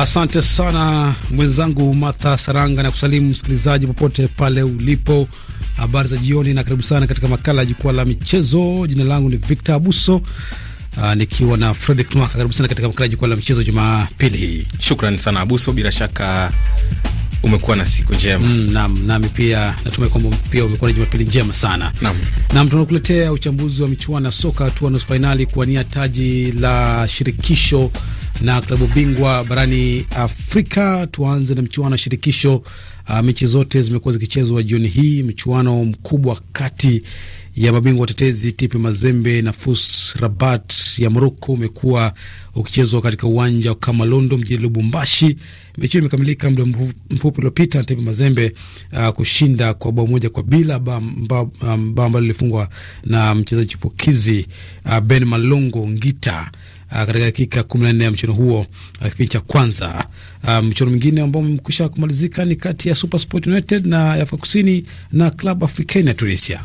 Asante sana mwenzangu Martha Saranga na kusalimu msikilizaji popote pale ulipo. Habari za jioni na karibu sana katika makala ya jukwaa la michezo. Jina langu ni Victor Abuso. Aa, ah, nikiwa na Fredrick Mwaka. Karibu sana katika makala ya jukwaa la michezo Jumapili hii. Shukran sana Abuso, bila shaka umekuwa na siku njema. Mm, nam, nami pia natumai kwamba pia umekuwa na Jumapili njema sana. Nam, nam tunakuletea uchambuzi wa michuano ya soka hatua nusu fainali kuwania taji la shirikisho na klabu bingwa barani Afrika. Tuanze na mchuano wa shirikisho. Uh, mechi zote zimekuwa zikichezwa jioni hii. Mchuano mkubwa kati ya mabingwa watetezi TP Mazembe na FUS Rabat ya Moroko umekuwa ukichezwa katika uwanja wa Kamalondo mjini Lubumbashi. Mechi hiyo imekamilika muda mfupi uliopita na TP Mazembe uh, kushinda kwa bao moja kwa bila ah, bao ambalo lilifungwa na mchezaji chipukizi uh, Ben Malongo Ngita. Ah, katika dakika 14 ya mchezo huo, ah, kipindi cha kwanza. Ah, mchezo mwingine ambao umekwisha kumalizika ni kati ya Super Sport United na Afrika Kusini na Club Africain ya Tunisia.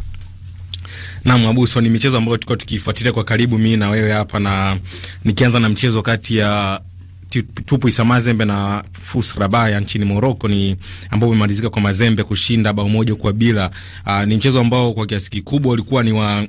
Naam, Abuso, ni michezo ambayo tulikuwa tukifuatilia kwa karibu mimi na wewe hapa, na nikianza na mchezo kati ya Tupu Isa Mazembe na FUS Rabat nchini Morocco ni ambao umemalizika kwa Mazembe kushinda bao moja kwa bila. Aa, ni mchezo ambao kwa kiasi kikubwa ulikuwa ni wa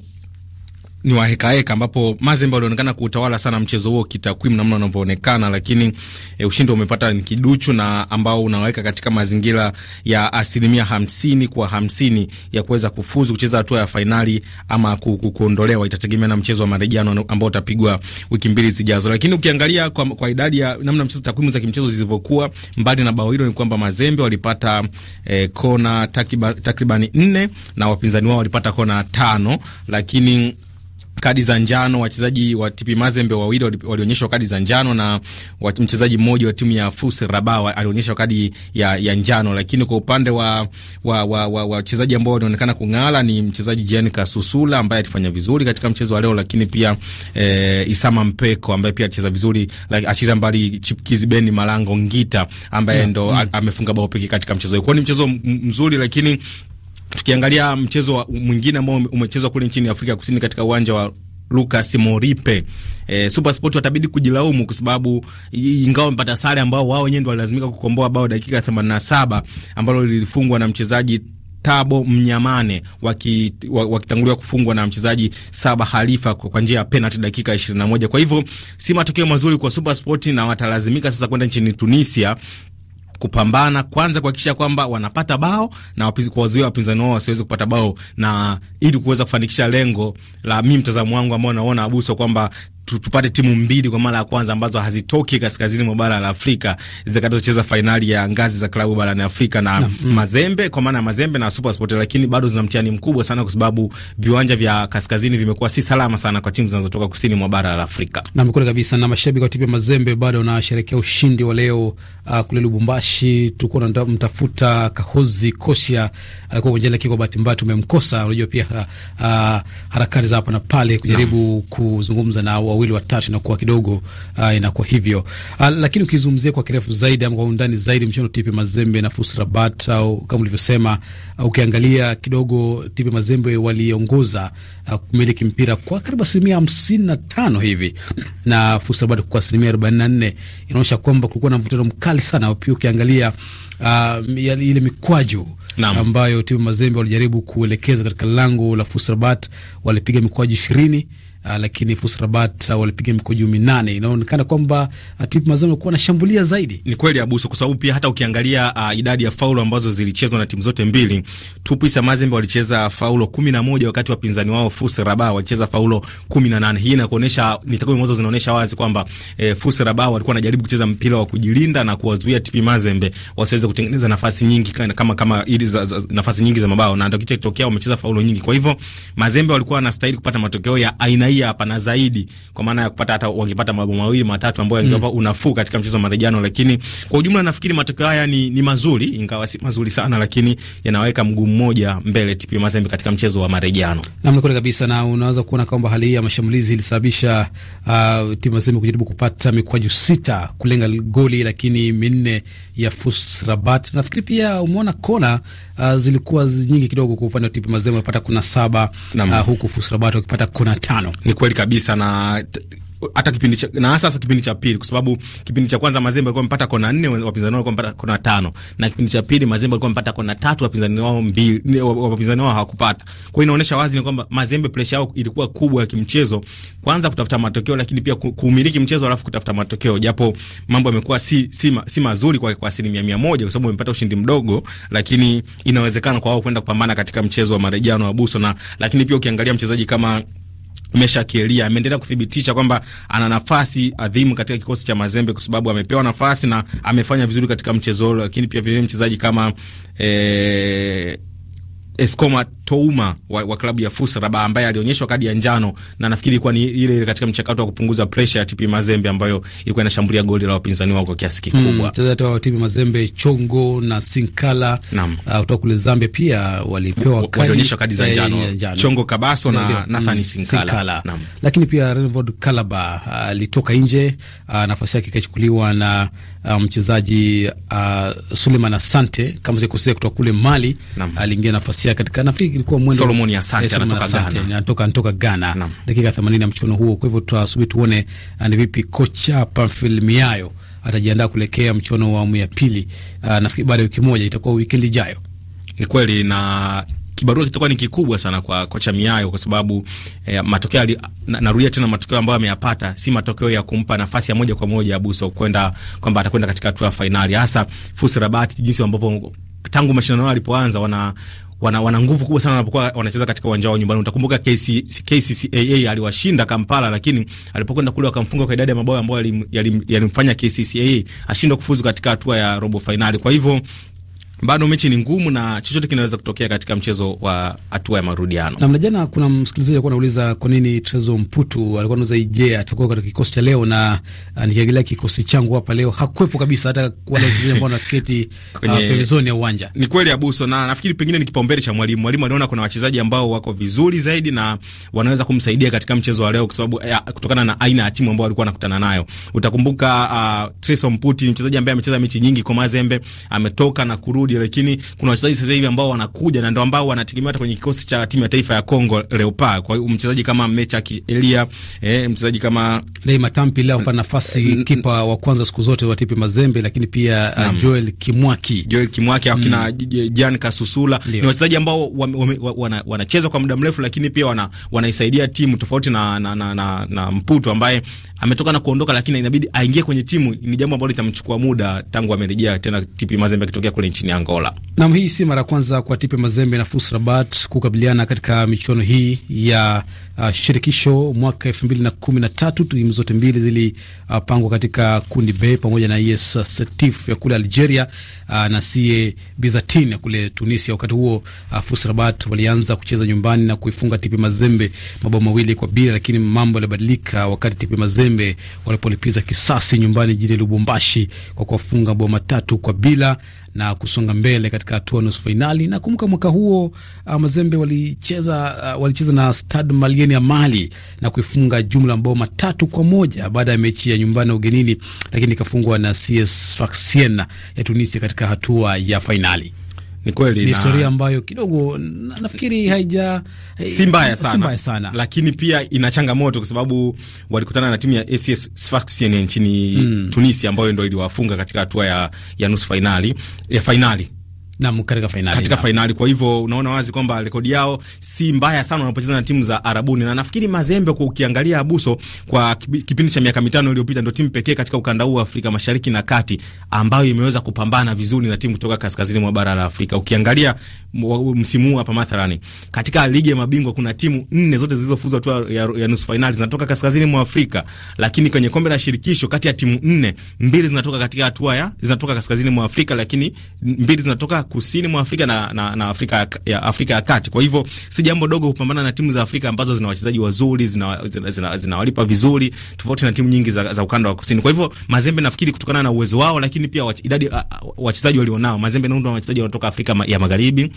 ni wa heka heka, ambapo Mazembe walionekana kuutawala sana mchezo huo kitakwimu, namna unavyoonekana, lakini e, ushindi umepata ni kiduchu na ambao unaweka katika mazingira ya asilimia hamsini kwa hamsini ya kuweza kufuzu kucheza hatua ya fainali ama kuondolewa. Itategemea na mchezo wa marejano ambao utapigwa wiki mbili zijazo, lakini ukiangalia kwa, kwa idadi ya namna mchezo takwimu za kimchezo zilivyokuwa, mbali na bao hilo, ni kwamba Mazembe walipata e, kona takribani nne na wapinzani wao walipata kona tano lakini kadi za njano. Wachezaji wa TP Mazembe wawili walionyeshwa kadi za njano na mchezaji mmoja wa timu ya FUS Rabat alionyeshwa kadi ya, ya njano. Lakini kwa upande wa wachezaji wa, wa, wa ambao wanaonekana kung'ala ni mchezaji Jean Kasusula ambaye alifanya vizuri katika mchezo wa leo, lakini pia eh, Isama Mpeko ambaye pia alicheza vizuri, like, achilia mbali Chipkizi Beni Malango Ngita ambaye yeah, mm, ndo mm, amefunga bao pekee katika mchezo huo. ni mchezo mzuri lakini Tukiangalia mchezo mwingine ambao umechezwa kule nchini Afrika Kusini katika uwanja wa Lucas Moripe e, eh, SuperSport watabidi kujilaumu kwa sababu ingawa wamepata sare ambao wao wenyewe ndio walilazimika kukomboa bao dakika 87 ambalo lilifungwa na mchezaji Tabo Mnyamane wakitanguliwa kufungwa na mchezaji Saba Halifa kwa njia ya penalti dakika 21. Kwa hivyo si matokeo mazuri kwa SuperSport na watalazimika sasa kwenda nchini Tunisia kupambana kwanza kuhakikisha kwamba wanapata bao na kuwazuia wapinzani wao wasiweze kupata bao, na ili kuweza kufanikisha lengo la, mi mtazamo wangu ambao naona Abuso, kwamba tupate timu mbili kwa mara ya kwanza ambazo hazitoki kaskazini mwa bara la Afrika zitakazocheza fainali ya ngazi za klabu barani Afrika na mm Mazembe kwa maana ya Mazembe na Super Sport, lakini bado zina mtihani mkubwa sana kwa sababu viwanja vya kaskazini vimekuwa si salama sana kwa timu zinazotoka kusini mwa bara la Afrika. Na mkono kabisa, na mashabiki wa timu ya Mazembe bado wanasherehekea ushindi wa leo uh, kule Lubumbashi. Tulikuwa tunamtafuta Kahozi Kosia, alikuwa kwenye lakini kwa bahati mbaya tumemkosa. Unajua pia uh, uh harakati za hapa na pale kujaribu no. kuzungumza na wawili watatu inakuwa kidogo uh, inakuwa hivyo uh, lakini ukizungumzia kwa kirefu zaidi ama kwa undani zaidi mchano Tipe Mazembe na Fusrabat au kama ulivyosema, uh, ukiangalia kidogo Tipe Mazembe waliongoza uh, kumiliki mpira kwa karibu asilimia hamsini na tano hivi na Fusrabat kwa asilimia arobaini na nne inaonyesha kwamba kulikuwa na mvutano mkali sana. Pia ukiangalia uh, ile mikwaju Naam. ambayo timu Mazembe walijaribu kuelekeza katika lango la Fusrabat, walipiga mikwaju ishirini uh, lakini FUS Rabat uh, ah, walipiga mikoji minane. Inaonekana kwamba uh, ah, TP Mazembe alikuwa anashambulia zaidi. Ni kweli Abuso, kwa sababu pia hata ukiangalia uh, idadi ya faulu ambazo zilichezwa na timu zote mbili, TP Mazembe walicheza faulo kumi na moja wakati wapinzani wao FUS Rabat walicheza faulo kumi na nane. Hii inakuonesha ni takwimu ambazo zinaonesha wazi kwamba eh, FUS Rabat walikuwa wanajaribu kucheza mpira wa kujilinda na kuwazuia TP Mazembe wasiweze kutengeneza nafasi nyingi kama kama kama ili za, za, nafasi nyingi za mabao, na ndio kitu kitokea, wamecheza faulo nyingi. Kwa hivyo Mazembe walikuwa wanastahili kupata matokeo ya aina kuangalia pana zaidi, kwa maana ya kupata hata wangepata mabao mawili matatu ambayo yangewapa mm. unafuu katika mchezo wa marejano. Lakini kwa ujumla nafikiri matokeo haya ni, ni mazuri, ingawa si mazuri sana, lakini yanaweka mguu mmoja mbele TP Mazembe katika mchezo wa marejano. Namna kweli kabisa, na unaweza kuona kwamba hali hii ya mashambulizi ilisababisha uh, timu Mazembe kujaribu kupata mikwaju sita kulenga goli, lakini minne ya FUS Rabat. Nafikiri pia umeona kona uh, zilikuwa nyingi kidogo kwa upande wa TP Mazembe, unapata kuna saba uh, huku FUS Rabat wakipata kona tano. Ni kweli kabisa na hata kipindi cha na hasa kipindi cha pili, kwa sababu kipindi cha kwanza Mazembe alikuwa amepata kona nne, wapinzani wao walikuwa amepata kona tano, na kipindi cha pili Mazembe alikuwa amepata kona tatu, wapinzani wao mbili, wapinzani wao hawakupata. Kwa hiyo inaonyesha wazi ni kwamba Mazembe pressure yao ilikuwa kubwa ya kimchezo, kwanza kutafuta matokeo, lakini pia kuumiliki mchezo alafu kutafuta matokeo, japo mambo yamekuwa si, si, si mazuri kwa kwa asilimia mia moja kwa sababu wamepata ushindi mdogo, lakini inawezekana kwa wao kwenda kupambana katika mchezo wa marejano wa Buso na, lakini pia ukiangalia mchezaji kama Meshakilia ameendelea kuthibitisha kwamba ana nafasi adhimu katika kikosi cha Mazembe kwa sababu amepewa nafasi na amefanya vizuri katika mchezo lakini pia vile mchezaji kama eh, Escomat Touma wa, wa klabu ya FUS Rabat ambaye alionyeshwa kadi ya njano na nafikiri ilikuwa ni ile ile katika mchakato wa kupunguza pressure ya TP Mazembe ambayo ilikuwa inashambulia goli la wapinzani wao kwa kiasi kikubwa. Mm, mchezaji wa TP Mazembe Chongo na Sinkala uh, kutoka kule Zambia pia walipewa kadi, walionyeshwa kadi za eh, njano Chongo Kabaso na Nathan mm, Sinkala. Sinkala. Lakini pia Renvod Kalaba uh, alitoka uh, nje, uh, nafasi yake ikachukuliwa na uh, mchezaji uh, Suleiman Asante kama sikosea, kutoka kule Mali aliingia nafasi yake katika nafikiri ilikuwa mwendo Solomon Asante eh, anatoka Ghana, anatoka anatoka Ghana, dakika 80 ya mchuano huo. Kwa hivyo tutasubiri tuone ah, ni vipi kocha Pamphile Miayo atajiandaa kuelekea mchuano wa awamu ya pili. Ah, nafikiri baada ya wiki moja, itakuwa wikendi ijayo. Ni kweli na kibarua kitakuwa ni kikubwa sana kwa kocha Miayo kwa sababu eh, matokeo na, narudia tena matokeo ambayo ameyapata si matokeo ya kumpa nafasi ya moja kwa moja Abuso kwenda kwamba atakwenda katika hatua ya fainali, hasa FUS Rabat, jinsi ambapo tangu mashindano alipoanza wana wana, wana nguvu kubwa sana wanapokuwa wanacheza katika uwanja wao nyumbani. Utakumbuka KCCAA aliwashinda Kampala, lakini alipokwenda kule wakamfunga kwa idadi ya mabao ambayo yalimfanya KCCAA ashindwe kufuzu katika hatua ya robo fainali. Kwa hivyo bado mechi ni ngumu na chochote kinaweza kutokea katika mchezo wa hatua ya marudiano. Namna jana, kuna msikilizaji alikuwa anauliza kwa nini Trezo Mputu alikuwa anauza, ije atakuwa katika kikosi cha leo? Na ah, nikiangalia kikosi changu hapa leo hakuwepo kabisa, hata wale wachezaji ambao wanaketi ah, pembezoni ya uwanja. Ni kweli Abuso, na nafikiri pengine ni kipaumbele cha mwalimu. Mwalimu aliona kuna wachezaji ambao wako vizuri zaidi na wanaweza kumsaidia katika mchezo wa leo, kwa sababu eh, kutokana na aina ya timu ambao alikuwa anakutana nayo. Utakumbuka uh, Trezo Mputu ni mchezaji ambaye amecheza mechi nyingi kwa Mazembe, ametoka na kurudi kurudi, lakini kuna wachezaji sasa hivi ambao wanakuja na ndio ambao wanategemewa hata kwenye kikosi cha timu ya taifa ya Kongo Leopard. Kwa hiyo mchezaji kama Mecha Elia, eh, mchezaji kama Neymar Tampi leo kwa nafasi kipa wa kwanza siku zote wa Tipi Mazembe, lakini pia uh, Joel Kimwaki, Joel Kimwaki au kina mm. Jan Kasusula Leo. Ni wachezaji ambao wanacheza kwa muda mrefu, lakini pia wanaisaidia wana timu tofauti na, na, na, na, na Mputu ambaye ametoka na kuondoka, lakini inabidi aingie kwenye timu. Ni jambo ambalo litamchukua muda tangu amerejea tena TP Mazembe akitokea kule nchini Angola. Nam, hii si mara ya kwanza kwa TP Mazembe na FUS Rabat kukabiliana katika michuano hii ya uh, shirikisho mwaka elfu mbili na kumi na tatu. Timu zote mbili zilipangwa uh, katika kundi B pamoja na ES Setif ya kule Algeria uh, na CA Bizatin ya kule Tunisia. Wakati huo uh, FUS Rabat walianza kucheza nyumbani na kuifunga TP Mazembe mabao mawili kwa bila, lakini mambo yalibadilika wakati TP Mazembe Mazembe walipolipiza kisasi nyumbani jijini Lubumbashi kwa kuwafunga bao matatu kwa bila na kusonga mbele katika hatua nusu fainali. Na kumbuka mwaka huo uh, Mazembe walicheza uh, walicheza na Stade Malien ya Mali na kuifunga jumla mabao matatu kwa moja baada ya mechi ya nyumbani ugenini, lakini ikafungwa na CS Sfaxien ya Tunisia katika hatua ya fainali. Ni kweli ni historia ambayo kidogo nafikiri haija eh, si mbaya sana, sana, lakini pia ina changamoto kwa sababu walikutana na timu ya AS Sfaxien nchini mm. Tunisia ambayo ndio iliwafunga katika hatua ya, ya nusu fainali ya fainali na katika fainali, katika fainali. Kwa hivyo unaona wazi kwamba rekodi yao si mbaya sana wanapocheza na timu za Arabuni, na nafikiri Mazembe, kwa ukiangalia Abuso, kwa kipindi cha miaka mitano iliyopita, ndio timu pekee katika ukanda huu wa Afrika Mashariki na Kati ambayo imeweza kupambana vizuri na timu kutoka kaskazini mwa bara la Afrika. Ukiangalia msimu huu hapa mathalani, katika ligi ya mabingwa kuna timu nne zote zilizofuzwa tu ya, ya nusu fainali zinatoka kaskazini mwa Afrika, lakini kwenye kombe la shirikisho kati ya timu nne, mbili zinatoka katika hatua ya zinatoka kaskazini mwa Afrika, lakini mbili zinatoka kusini mwa Afrika na, na, na Afrika ya Afrika ya kati. Kwa hivyo si jambo dogo kupambana na timu za Afrika ambazo zina wachezaji wazuri, zinawalipa zina, zina, zina vizuri tofauti na timu nyingi za, za ukanda wa kusini. Kwa hivyo Mazembe nafikiri kutokana na uwezo wao, lakini pia wach, idadi wachezaji walionao Mazembe naundwa na wachezaji wanatoka Afrika ya Magharibi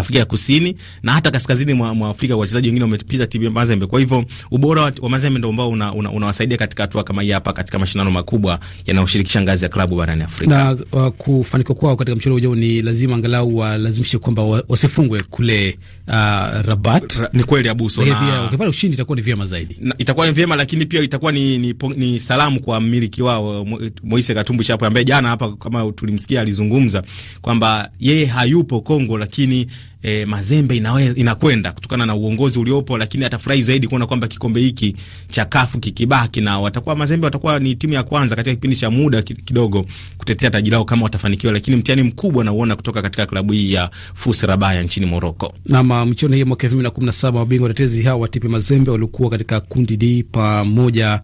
Afrika ya Kusini na hata kaskazini mwa, mwa Afrika wachezaji wengine wamepita TP Mazembe. Kwa hivyo ubora wa Mazembe ndio ambao unawasaidia una, una katika hatua kama hii hapa katika mashindano makubwa yanayoshirikisha ngazi ya klabu barani Afrika. Na uh, kufanikiwa kwao katika mchezo ujao ni lazima angalau walazimishe kwamba wasifungwe kule uh, Rabat. Ra, ni kweli Abuso, na pia ukipata ushindi itakuwa ni vyema zaidi. Na, itakuwa ni vyema lakini pia itakuwa ni, ni, ni ni salamu kwa mmiliki wao Moise Katumbi Chapo ambaye jana hapa kama tulimsikia alizungumza kwamba yeye hayupo Kongo lakini eh, Mazembe inakwenda kutokana na uongozi uliopo, lakini atafurahi zaidi kuona kwamba kikombe hiki cha kafu kikibaki, na watakuwa Mazembe watakuwa ni timu ya kwanza katika kipindi cha muda kidogo kutetea taji lao kama watafanikiwa, lakini mtihani mkubwa nauona kutoka katika klabu hii ya FUS Rabaya nchini Moroko. Uh, na mchuano hiyo mwaka 2017 mabingwa watetezi hao wa TP Mazembe walikuwa katika kundi D pamoja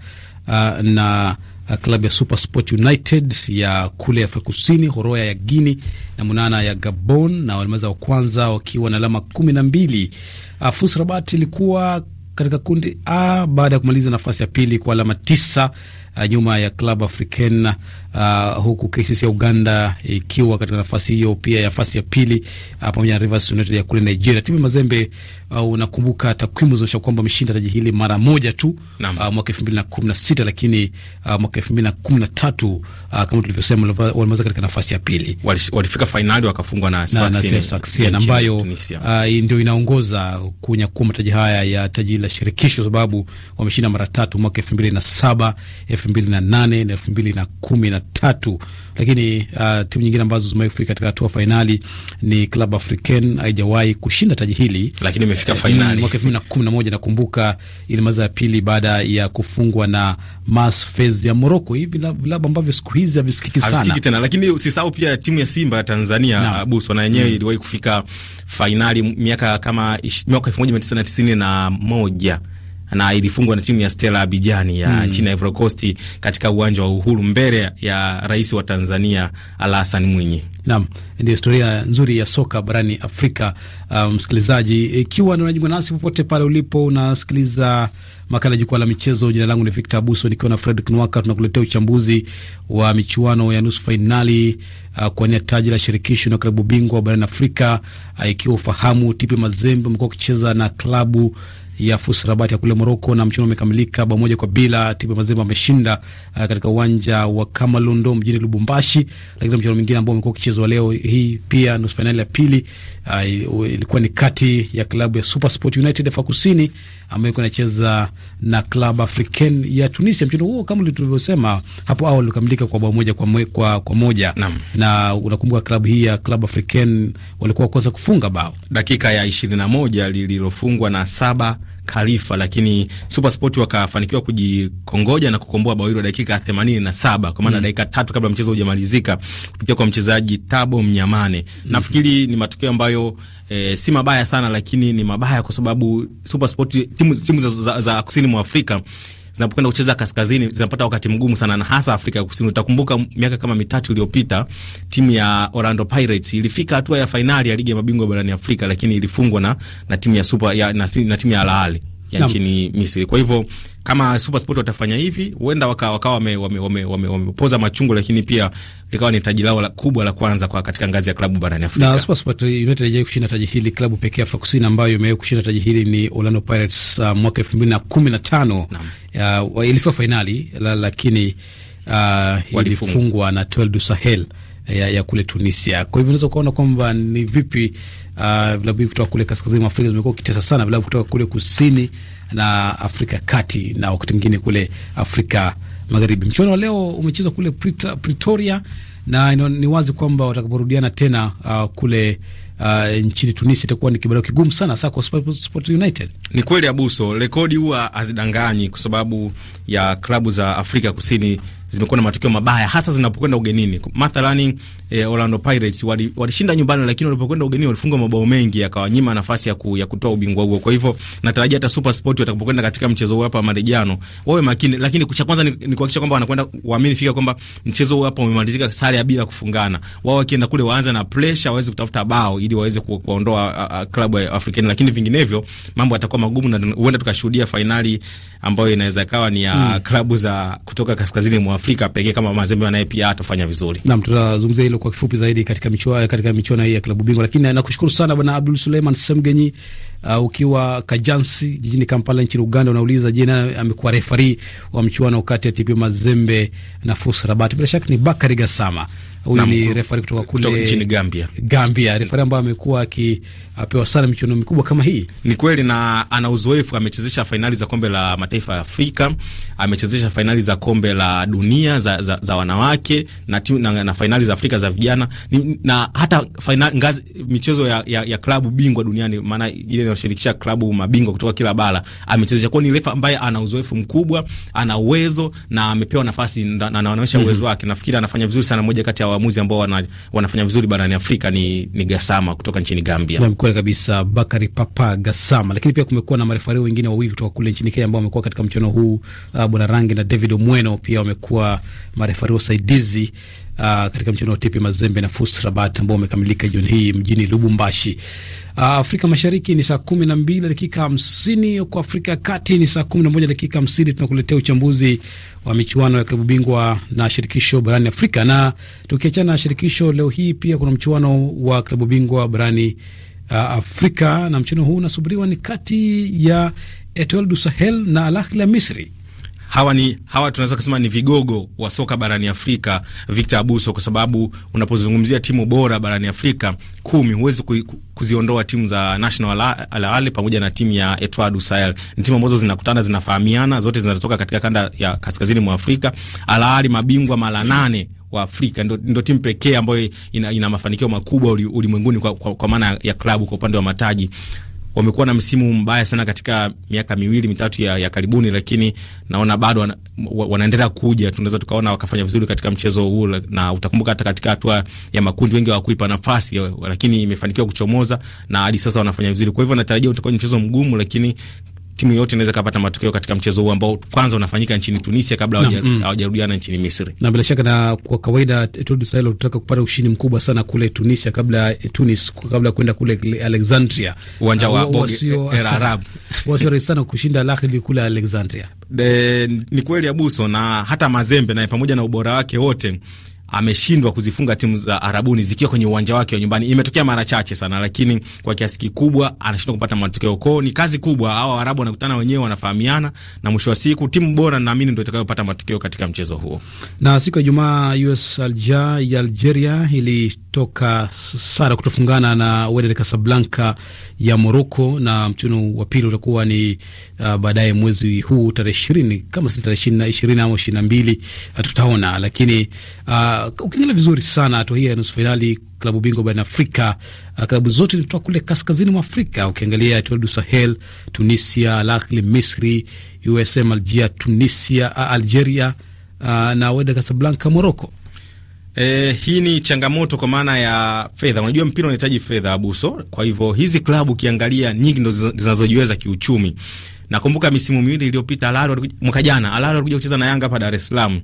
uh, na Uh, klabu ya Supersport United ya kule Afrika Kusini, Horoya ya Guini na Munana ya Gabon, na walimaliza wa kwanza wakiwa na alama kumi na mbili. Uh, FUS Rabat ilikuwa katika kundi A baada ya kumaliza nafasi ya pili kwa alama tisa uh, nyuma ya klabu Africaine uh, huku KCC ya Uganda ikiwa katika nafasi hiyo pia ya nafasi ya pili uh, pamoja na Rivers United ya kule Nigeria. Timu Mazembe uh, unakumbuka takwimu zinaonyesha kwamba ameshinda taji hili mara moja tu uh, mwaka elfu mbili na na kumi sita lakini uh, mwaka elfu mbili na na kumi tatu uh, kama tulivyosema walimaliza katika nafasi ya pili. Walifika fainali wakafungwa na Sfaxien ambayo uh, ndio inaongoza kunyakua mataji haya ya taji la shirikisho sababu wameshinda mara tatu mwaka elfu mbili na saba elfu elfu mbili mbili na na na nane kumi na na tatu. Lakini uh, timu nyingine ambazo zimewahi kufika katika hatua fainali ni Club african haijawahi kushinda taji hili, lakini imefika eh, fainali mwaka elfu mbili na kumi na moja nakumbuka, ilimaliza ya pili baada ya kufungwa na Mas Fez ya Moroko. Hivi vilabu ambavyo siku hizi havisikiki sana tena, lakini usisahau pia timu ya Simba ya Tanzania uh, Buswa na yenyewe mm. iliwahi kufika fainali miaka kama mwaka elfu moja mia tisa na tisini na moja na ilifungwa na timu ya Stella Abijani ya mm. China Ivory Coast katika uwanja wa Uhuru mbele ya rais wa Tanzania Alhasan Mwinyi. Naam, ndio historia nzuri ya soka barani Afrika. Um, msikilizaji, um, ikiwa e, unajiunga nasi popote pale ulipo unasikiliza makala ya jukwaa la michezo. Jina langu ni Victor Abuso nikiwa na Fredrick Nwaka, tunakuletea uchambuzi wa michuano ya nusu fainali uh, kuwania taji la shirikisho na klabu bingwa barani Afrika uh, ikiwa ufahamu TP Mazembe amekuwa ukicheza na klabu ya Fusrabat ya kule Moroko, na mchuano umekamilika bao moja kwa bila. Timu mazima ameshinda uh, katika uwanja wa Kamalondo mjini Lubumbashi. Lakini mchuano mwingine ambao umekuwa ukichezwa leo hii pia, nusu fainali ya pili uh, ilikuwa ni kati ya klabu ya Super Sport United ya Kusini ambayo ilikuwa inacheza na klabu African ya Tunisia. Mchuano huo kama tulivyosema hapo awali ulikamilika kwa bao moja kwa, mwe, kwa, kwa moja na, na unakumbuka klabu hii ya klabu African walikuwa kwanza kufunga bao dakika ya ishirini na moja lililofungwa na saba Khalifa, lakini SuperSport wakafanikiwa kujikongoja na kukomboa bao hilo dakika 87 kwa maana mm. dakika tatu kabla mchezo hujamalizika kupitia kwa mchezaji Tabo Mnyamane. Mm. Nafikiri ni matokeo ambayo e, si mabaya sana, lakini ni mabaya kwa sababu SuperSport timu, timu za, za, za kusini mwa Afrika zinapokwenda kucheza kaskazini zinapata wakati mgumu sana, na hasa Afrika ya Kusini. Utakumbuka miaka kama mitatu iliyopita timu ya Orlando Pirates ilifika hatua ya fainali ya ligi ya mabingwa barani Afrika, lakini ilifungwa na na timu ya Super ya, na, na timu ya Al Ahly ya nchini Misri. Kwa hivyo kama SuperSport watafanya hivi, huenda wakawa waka wamepoza wame, wame, wame, wame machungu, lakini pia likawa ni taji lao la, kubwa la kwanza kwa katika ngazi ya klabu barani Afrika. Na SuperSport United haijawahi kushinda taji hili. Klabu pekee Afrika Kusini ambayo imewahi kushinda taji hili ni Orlando Pirates uh, mwaka 2015 uh, ilifika fainali la, lakini uh, ilifungwa na Etoile du Sahel ya, ya kule Tunisia. Kwa hivyo unaweza kuona kwamba ni vipi Uh, vilabu hivi kutoka kule kaskazini mwa Afrika zimekuwa ukitesa sana vilabu kutoka kule kusini na Afrika kati na wakati mwingine kule Afrika Magharibi. Mchuano wa leo umechezwa kule Pretoria na ni wazi kwamba watakaporudiana tena uh, kule Uh, nchini Tunisia itakuwa ni kibarua kigumu sana sasa kwa Sport United. Ni kweli Abuso, rekodi huwa hazidanganyi kwa sababu ya klabu za Afrika Kusini zimekuwa na matokeo mabaya hasa zinapokwenda ugenini. Mathalani eh, Orlando Pirates walishinda wali nyumbani, lakini walipokwenda ugenini walifunga mabao mengi yakawanyima nafasi ya, ku, ya kutoa ubingwa huo. Kwa hivyo natarajia hata Super Sport watakapokwenda katika mchezo huu hapa marejano wawe makini, lakini cha kwanza ni, ni kuhakikisha kwamba wanakwenda waamini fika kwamba mchezo huu hapa umemalizika sare ya bila kufungana. Wao wakienda kule waanze na pressure waweze kutafuta bao ili waweze ku, kuondoa klabu ya African, lakini vinginevyo mambo yatakuwa magumu na huenda tukashuhudia fainali ambayo inaweza ikawa ni ya hmm, klabu za kutoka kaskazini mwa Afrika pekee kama Mazembe naye pia atafanya vizuri. Naam, tutazungumzia hilo kwa kifupi zaidi katika michuano katika michuano hii ya klabu bingwa, lakini nakushukuru sana bwana Abdul Suleiman Semgenyi. Uh, ukiwa Kajansi jijini Kampala nchini Uganda, unauliza je, naye amekuwa refari wa mchuano kati ya TP Mazembe na FUS Rabat? Bila shaka ni Bakari Gasama. Huyu ni refari kutoka kule nchini Gambia, Gambia, refari ambaye amekuwa akipewa sana michuano mikubwa kama hii. Ni kweli, na ana uzoefu, amechezesha fainali za kombe la mataifa ya Afrika, amechezesha fainali za kombe la dunia za, za, za wanawake na, na, na fainali za Afrika za vijana ni, na hata fainali ngazi michezo ya, ya, ya klabu bingwa duniani, maana ile inashirikisha klabu mabingwa kutoka kila bara amechezesha. Kwa ni refa ambaye ana uzoefu mkubwa, ana uwezo na amepewa nafasi na anaonyesha mhm. uwezo wake. Nafikiri anafanya vizuri sana, moja kati ya waamuzi ambao wana, wanafanya vizuri barani Afrika ni, ni Gasama kutoka nchini Gambia. Na mkweli kabisa, Bakari Papa Gasama. Lakini pia kumekuwa na marefari wengine wawili kutoka kule nchini Kenya ambao wamekuwa katika mchuano huu, uh, Bwana Rangi na David Omweno pia wamekuwa marefari wasaidizi uh, katika mchuano wa TP Mazembe na FUS Rabat ambao umekamilika jioni hii mjini Lubumbashi. Uh, Afrika Mashariki ni saa kumi na mbili dakika hamsini huko Afrika ya Kati ni saa kumi na moja dakika hamsini Tunakuletea uchambuzi wa michuano ya klabu bingwa na shirikisho barani Afrika, na tukiachana na shirikisho leo hii pia kuna mchuano wa klabu bingwa barani uh, Afrika, na mchuano huu unasubiriwa ni kati ya Etoile du Sahel na Al Ahly ya Misri hawa ni hawa tunaweza kusema ni vigogo wa soka barani Afrika, Victor Abuso, kwa sababu unapozungumzia timu bora barani Afrika kumi huwezi kuziondoa timu za National Al Ahly pamoja na timu ya Etoile du Sahel. Ni timu ambazo zinakutana, zinafahamiana, zote zinatoka katika kanda ya kaskazini mwa Afrika. Al Ahly mabingwa mara nane wa Afrika ndo, ndo timu pekee ambayo ina, ina mafanikio makubwa ulimwenguni kwa, kwa, kwa maana ya klabu kwa upande wa mataji wamekuwa na msimu mbaya sana katika miaka miwili mitatu ya, ya karibuni, lakini naona bado wana, wanaendelea kuja, tunaweza tukaona wakafanya vizuri katika mchezo huu, na utakumbuka hata katika hatua ya makundi wengi hawakuipa nafasi, lakini imefanikiwa kuchomoza na hadi sasa wanafanya vizuri. Kwa hivyo natarajia utakuwa mchezo mgumu, lakini timu yoyote inaweza kupata matokeo katika mchezo huu ambao kwanza unafanyika nchini Tunisia kabla mm. hawajarudiana nchini Misri. Na bila shaka, na kwa kawaida eh, Tour du Sahel tutaka kupata ushindi mkubwa sana kule Tunisia kabla eh, Tunis kabla kwenda kule Alexandria. Uwanja wa Bogue eh, Arab. Wasio rahisi sana kushinda Al Ahly kule Alexandria. De, ni kweli Abuso, na hata Mazembe naye pamoja na ubora wake wote ameshindwa kuzifunga timu za Arabuni zikiwa kwenye uwanja wake wa nyumbani. Imetokea mara chache sana, lakini kwa kiasi kikubwa anashindwa kupata matokeo. Kwao ni kazi kubwa, hawa Waarabu wanakutana wenyewe, wanafahamiana na mwisho wa siku timu bora naamini ndo itakayopata matokeo katika mchezo huo. Na siku ya Jumaa US Alja ya Algeria ilitoka sara kutofungana na Wydad Casablanca ya Moroko, na mchuno wa pili utakuwa ni uh, baadaye mwezi huu tarehe ishirini kama si tarehe ishirini na ishirini ama ishirini na mbili uh, tutaona, lakini uh, Uh, ukiangalia vizuri sana hatua hii ya nusu fainali klabu bingwa barani Afrika, uh, klabu zote zinatoka kule kaskazini mwa Afrika. Ukiangalia Etoile du Sahel Tunisia, Al Ahly Misri, USM Algeria, Tunisia, uh, Algeria uh, na Wydad Casablanca Morocco. Eh, hii ni changamoto kwa maana ya fedha. Unajua mpira unahitaji fedha abuso, kwa hivyo hizi klabu ukiangalia nyingi ndo zinazojiweza kiuchumi Nakumbuka misimu miwili iliyopita Alali mwaka jana Alali alikuja kucheza na Yanga hapa Dar es Salaam.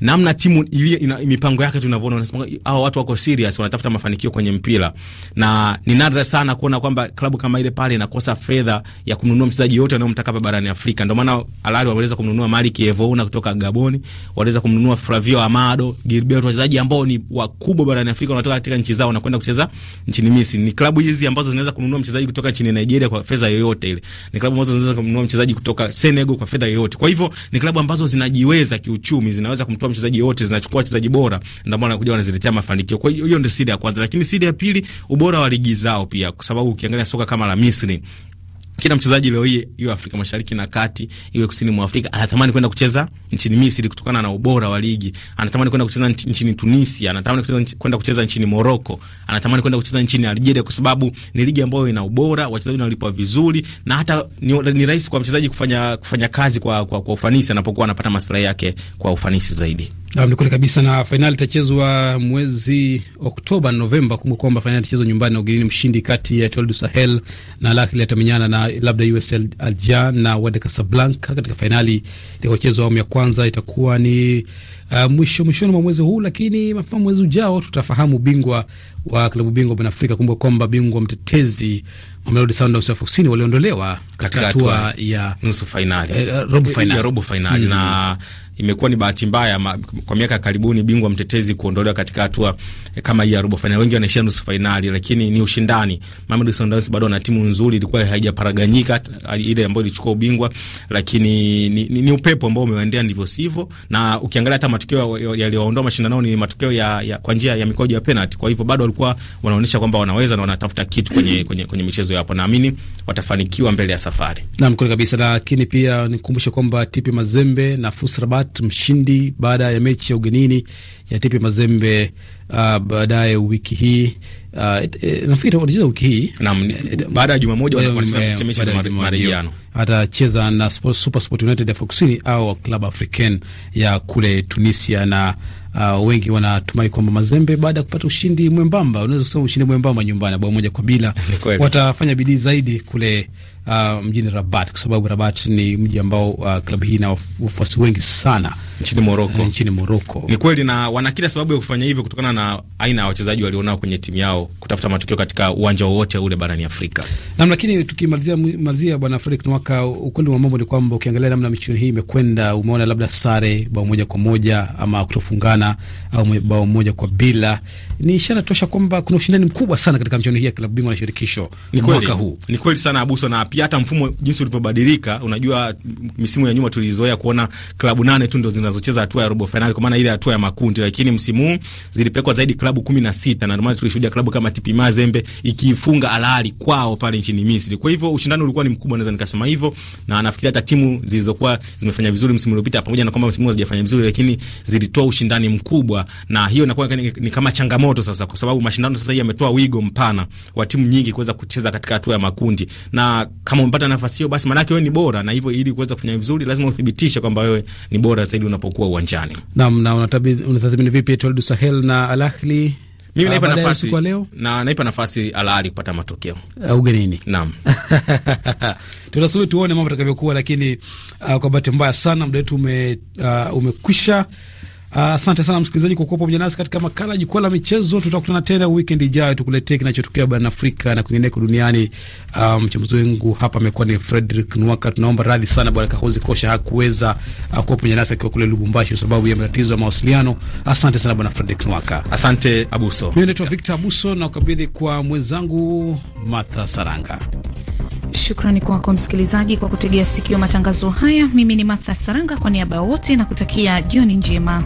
Namna timu ile ina mipango yake tunavyoona, unasema hao watu wako serious, wanatafuta mafanikio kwenye mpira. Na ni nadra sana kuona kwamba klabu kama ile pale inakosa fedha ya kununua mchezaji yote anayomtaka hapa barani Afrika. Ndio maana Alali wameweza kumnunua Malik Evouna kutoka Gaboni, waliweza kumnunua Flavio Amado, Gilbert, wachezaji ambao ni wakubwa barani Afrika wanatoka katika nchi zao na kwenda kucheza nchini Misri. Ni klabu hizi ambazo zinaweza kununua mchezaji kutoka nchini Nigeria kwa fedha yoyote ile. Ni klabu ambazo zinaweza kumnunua kama mchezaji kutoka Senegal kwa fedha yoyote. Kwa hivyo ni klabu ambazo zinajiweza kiuchumi, zinaweza kumtoa mchezaji yoyote, zinachukua wachezaji bora, ndio maana wanakuja wanaziletea mafanikio. Kwa hiyo hiyo ndio siri ya kwanza, lakini siri ya pili, ubora wa ligi zao pia, kwa sababu ukiangalia soka kama la Misri kila mchezaji leo hii iwe Afrika Mashariki na Kati, iwe kusini mwa Afrika anatamani kwenda kucheza nchini Misri kutokana na ubora wa ligi. Anatamani kwenda kucheza nchini Tunisia, anatamani kwenda kucheza nchini Morocco, anatamani kwenda kucheza nchini Algeria kwa sababu ni ligi ambayo ina ubora, wachezaji wanalipwa vizuri na hata ni, ni rahisi kwa mchezaji kufanya kufanya kazi kwa kwa, kwa ufanisi anapokuwa anapata maslahi yake kwa ufanisi zaidi. Naam, ni kweli kabisa, na fainali itachezwa mwezi Oktoba Novemba. Kumbuka kwamba fainali itachezwa nyumbani na ugenini. Mshindi kati ya Etoile du Sahel na Al Ahly atamenyana na labda USL Alger na Wydad Casablanca katika fainali itakayochezwa awamu ya kwanza kwanza itakuwa ni uh, mwisho mwishoni mwa mwezi huu, lakini mapema mwezi ujao tutafahamu bingwa wa klabu bingwa barani Afrika. Kumbuka kwamba bingwa mtetezi Mamelodi Sundowns wa Kusini waliondolewa katika hatua ya nusu fainali, eh, eh, robo fainali, ya robo fainali mm. na imekuwa ni bahati mbaya kwa miaka karibuni bingwa mtetezi kuondolewa katika hatua eh, kama hii ya robo fainali. Wengi wanaishia nusu fainali, lakini ni ushindani. Mamelodi Sundowns bado na timu nzuri, ilikuwa haijaparaganyika ile ambayo ilichukua ubingwa, lakini ni, ni, ni upepo ambao umewaendea ndivyo sivyo, na ukiangalia hata matokeo yaliyoondoa mashindanoni ni matokeo ya, ya kwa njia ya mikwaju ya penalty. Kwa hivyo bado walikuwa wanaonyesha kwamba wanaweza na wanatafuta kitu kwenye, mm. kwenye, kwenye michezo yapo, naamini watafanikiwa mbele ya safari. Naam, kweli kabisa, lakini pia nikumbushe kwamba TP Mazembe na FUS Rabat mshindi baada ya mechi ya ugenini ya TP Mazembe uh, baadaye wiki hii Uh, nafikiri atacheza wiki hii eh, eh, baada ya juma eh, moja, marejiano. atacheza na Super Sport United ya Kusini au Club african ya kule Tunisia na Uh, wengi wanatumai kwamba Mazembe baada ya kupata ushindi mwembamba, unaweza kusema ushindi mwembamba nyumbani bao moja kwa bila, watafanya bidii zaidi kule uh, mjini Rabat, kwa sababu Rabat ni mji ambao uh, klabu hii ina wafuasi wengi sana nchini Moroko. Eh, nchini Moroko ni kweli, na wana kila sababu ya kufanya hivyo kutokana na aina ya wachezaji walionao kwenye timu yao kutafuta matokeo katika uwanja wowote ule barani Afrika. Naam, lakini tukimalizia malizia, bwana Fredrick Nwaka, ukweli wa mambo ni kwamba ukiangalia namna michuano hii imekwenda, umeona labda sare bao moja kwa moja ama kutofungana au bao moja kwa bila, ni ishara tosha kwamba kuna ushindani mkubwa sana katika michuano hii ya klabu bingwa na shirikisho mwaka huu. Ni kweli sana Abuso, na pia hata mfumo jinsi ulivyobadilika, unajua misimu ya nyuma tulizoea kuona klabu nane tu ndio zina zinazocheza hatua ya robo fainali, kwa maana ile hatua ya makundi, lakini msimu huu zilipekwa zaidi klabu 16 na ndio maana tulishuhudia klabu kama TP Mazembe ikiifunga Alali kwao pale nchini Misri. Kwa hivyo ushindani ulikuwa ni mkubwa, naweza nikasema hivyo, na nafikiri hata timu zilizokuwa zimefanya vizuri msimu uliopita, pamoja na kwamba msimu huu hazijafanya vizuri, lakini zilitoa ushindani mkubwa, na hiyo inakuwa ni, kama changamoto sasa, kwa sababu mashindano sasa yametoa wigo mpana wa timu nyingi kuweza kucheza katika hatua ya makundi, na kama umepata nafasi hiyo, basi maana wewe ni bora, na hivyo ili kuweza kufanya vizuri lazima uthibitishe kwamba wewe ni bora zaidi unapokuwa uwanjani. Naam, na unatathmini vipi Etwaldu Sahel na Al Ahly? Mimi naipa ah, nafasi kwa leo na naipa nafasi Al Ahly kupata matokeo uh, ugenini. Naam, tutasubiri tuone mambo atakavyokuwa, lakini uh, kwa bahati mbaya sana muda wetu ume, uh, umekwisha. Asante uh, sana msikilizaji kwa kuwa pamoja nasi katika makala jukwaa la michezo. Tutakutana tena wikendi ijayo tukuletee kinachotokea barani Afrika na kwingineko duniani. Ah, mchambuzi um, wangu hapa amekuwa ni Frederick Nwaka. Tunaomba radhi sana Bwana Kahozi Kosha hakuweza uh, kuwa pamoja nasi akiwa kule Lubumbashi kwa sababu ya matatizo ya mawasiliano. Asante sana Bwana Frederick Nwaka. Asante Abuso. Mimi naitwa Victor Abuso na ukabidhi kwa mwenzangu Martha Saranga. Shukrani kwako msikilizaji kwa kutegea sikio matangazo haya. Mimi ni Martha Saranga kwa niaba ya wote na kutakia jioni njema.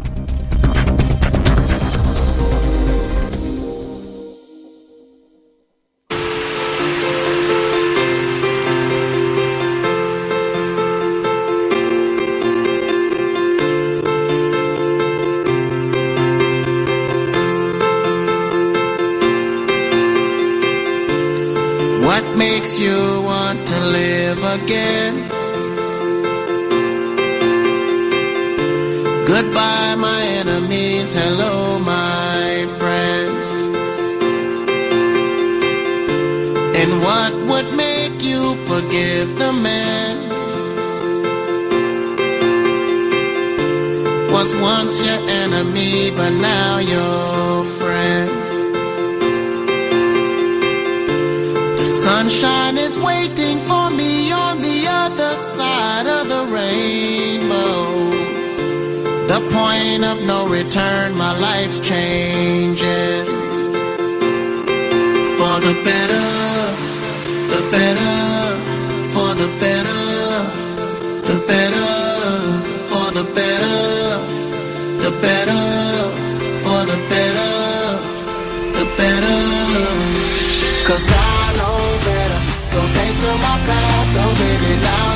again. Goodbye, my enemies. Hello, my friends. And what would make you forgive the man? Was once your enemy, but now your friend. The sunshine is waiting for the point of no return, my life's changing. For the better, the better, for the better, the better, for the better, the better, for the better, the better. Cause I know better, so thanks to my past, so oh baby now.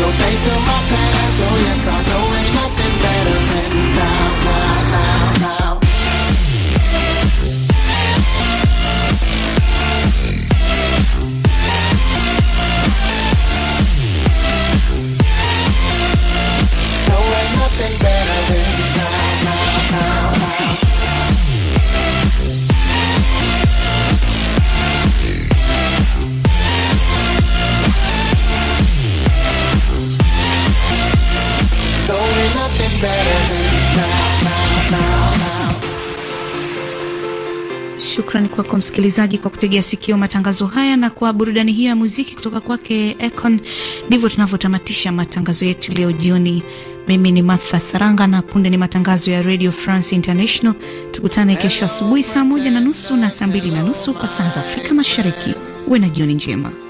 So msikilizaji kwa kutegea sikio matangazo haya na kwa burudani hiyo ya muziki kutoka kwake Econ. Ndivyo tunavyotamatisha matangazo yetu leo jioni. Mimi ni Martha Saranga na punde ni matangazo ya Radio France International. Tukutane kesho asubuhi saa moja na nusu na saa mbili na nusu kwa saa za Afrika Mashariki. Uwe na jioni njema.